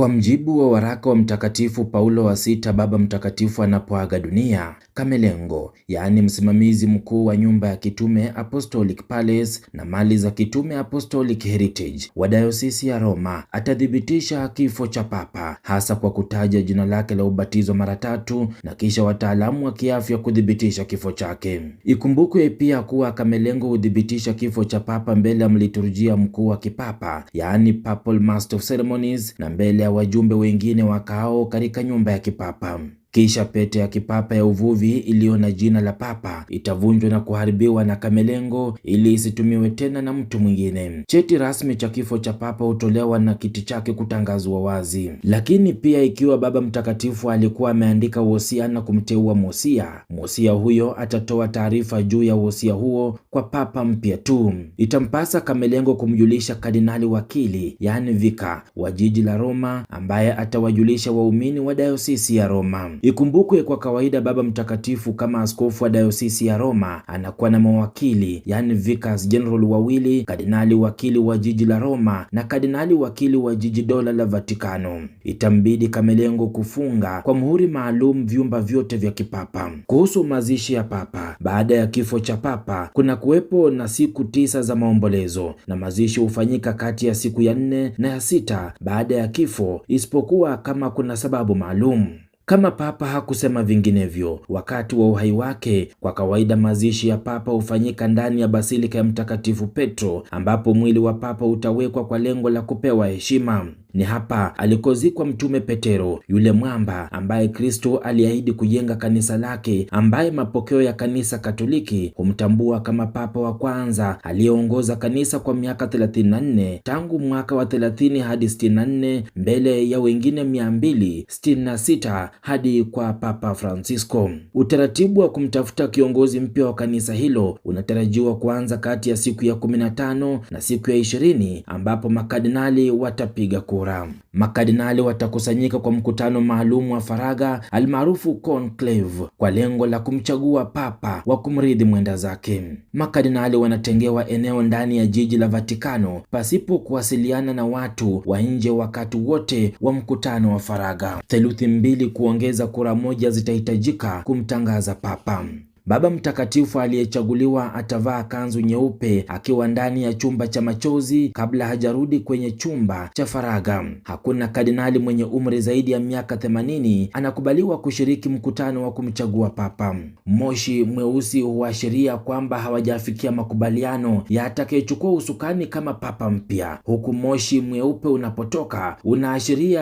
Kwa mjibu wa waraka wa Mtakatifu Paulo wa Sita, Baba Mtakatifu anapoaga dunia, kamelengo yaani msimamizi mkuu wa nyumba ya kitume Apostolic Palace na mali za kitume Apostolic Heritage wa dayosisi ya Roma, atathibitisha kifo cha Papa, hasa kwa kutaja jina lake la ubatizo mara tatu na kisha wataalamu wa kiafya kuthibitisha kifo chake. Ikumbukwe pia kuwa kamelengo huthibitisha kifo cha Papa mbele ya mliturujia mkuu wa kipapa, yaani Papal Master of Ceremonies, na mbele wajumbe wengine wakao katika nyumba ya kipapa. Kisha pete ya kipapa ya uvuvi iliyo na jina la papa itavunjwa na kuharibiwa na kamelengo ili isitumiwe tena na mtu mwingine. Cheti rasmi cha kifo cha papa hutolewa na kiti chake kutangazwa wazi. Lakini pia ikiwa Baba Mtakatifu alikuwa ameandika wosia na kumteua mosia, mosia huyo atatoa taarifa juu ya wosia huo kwa papa mpya tu. Itampasa kamelengo kumjulisha kardinali wakili, yaani vika wa jiji la Roma, ambaye atawajulisha waumini wa dayosisi ya Roma. Ikumbukwe kwa kawaida Baba Mtakatifu kama askofu wa dayosisi ya Roma anakuwa na mawakili yani vicars general wawili, kardinali wakili wa jiji la Roma na kardinali wakili wa jiji dola la Vatikano. Itambidi kamelengo kufunga kwa muhuri maalum vyumba vyote vya kipapa. Kuhusu mazishi ya papa, baada ya kifo cha papa kuna kuwepo na siku tisa za maombolezo na mazishi hufanyika kati ya siku ya nne na ya sita baada ya kifo, isipokuwa kama kuna sababu maalum kama papa hakusema vinginevyo wakati wa uhai wake. Kwa kawaida mazishi ya papa hufanyika ndani ya basilika ya Mtakatifu Petro ambapo mwili wa papa utawekwa kwa lengo la kupewa heshima. Ni hapa alikozikwa Mtume Petero, yule mwamba ambaye Kristo aliahidi kujenga kanisa lake, ambaye mapokeo ya kanisa Katoliki humtambua kama papa wa kwanza aliyeongoza kanisa kwa miaka 34 tangu mwaka wa 30 hadi 64 mbele ya wengine 266 hadi kwa Papa Francisco. Utaratibu wa kumtafuta kiongozi mpya wa kanisa hilo unatarajiwa kuanza kati ya siku ya 15 na siku ya 20 ambapo makadinali watapiga kura kura. Makardinali watakusanyika kwa mkutano maalum wa faraga almaarufu conclave, kwa lengo la kumchagua papa wa kumrithi mwenda zake. Makardinali wanatengewa eneo ndani ya jiji la Vatikano pasipo kuwasiliana na watu wa nje wakati wote wa mkutano wa faraga Theluthi mbili kuongeza kura moja zitahitajika kumtangaza papa. Baba Mtakatifu aliyechaguliwa atavaa kanzu nyeupe akiwa ndani ya chumba cha machozi kabla hajarudi kwenye chumba cha faragha. Hakuna kardinali mwenye umri zaidi ya miaka 80 anakubaliwa kushiriki mkutano wa kumchagua papa. Moshi mweusi huashiria kwamba hawajafikia makubaliano ya atakayechukua usukani kama papa mpya, huku moshi mweupe unapotoka unaashiria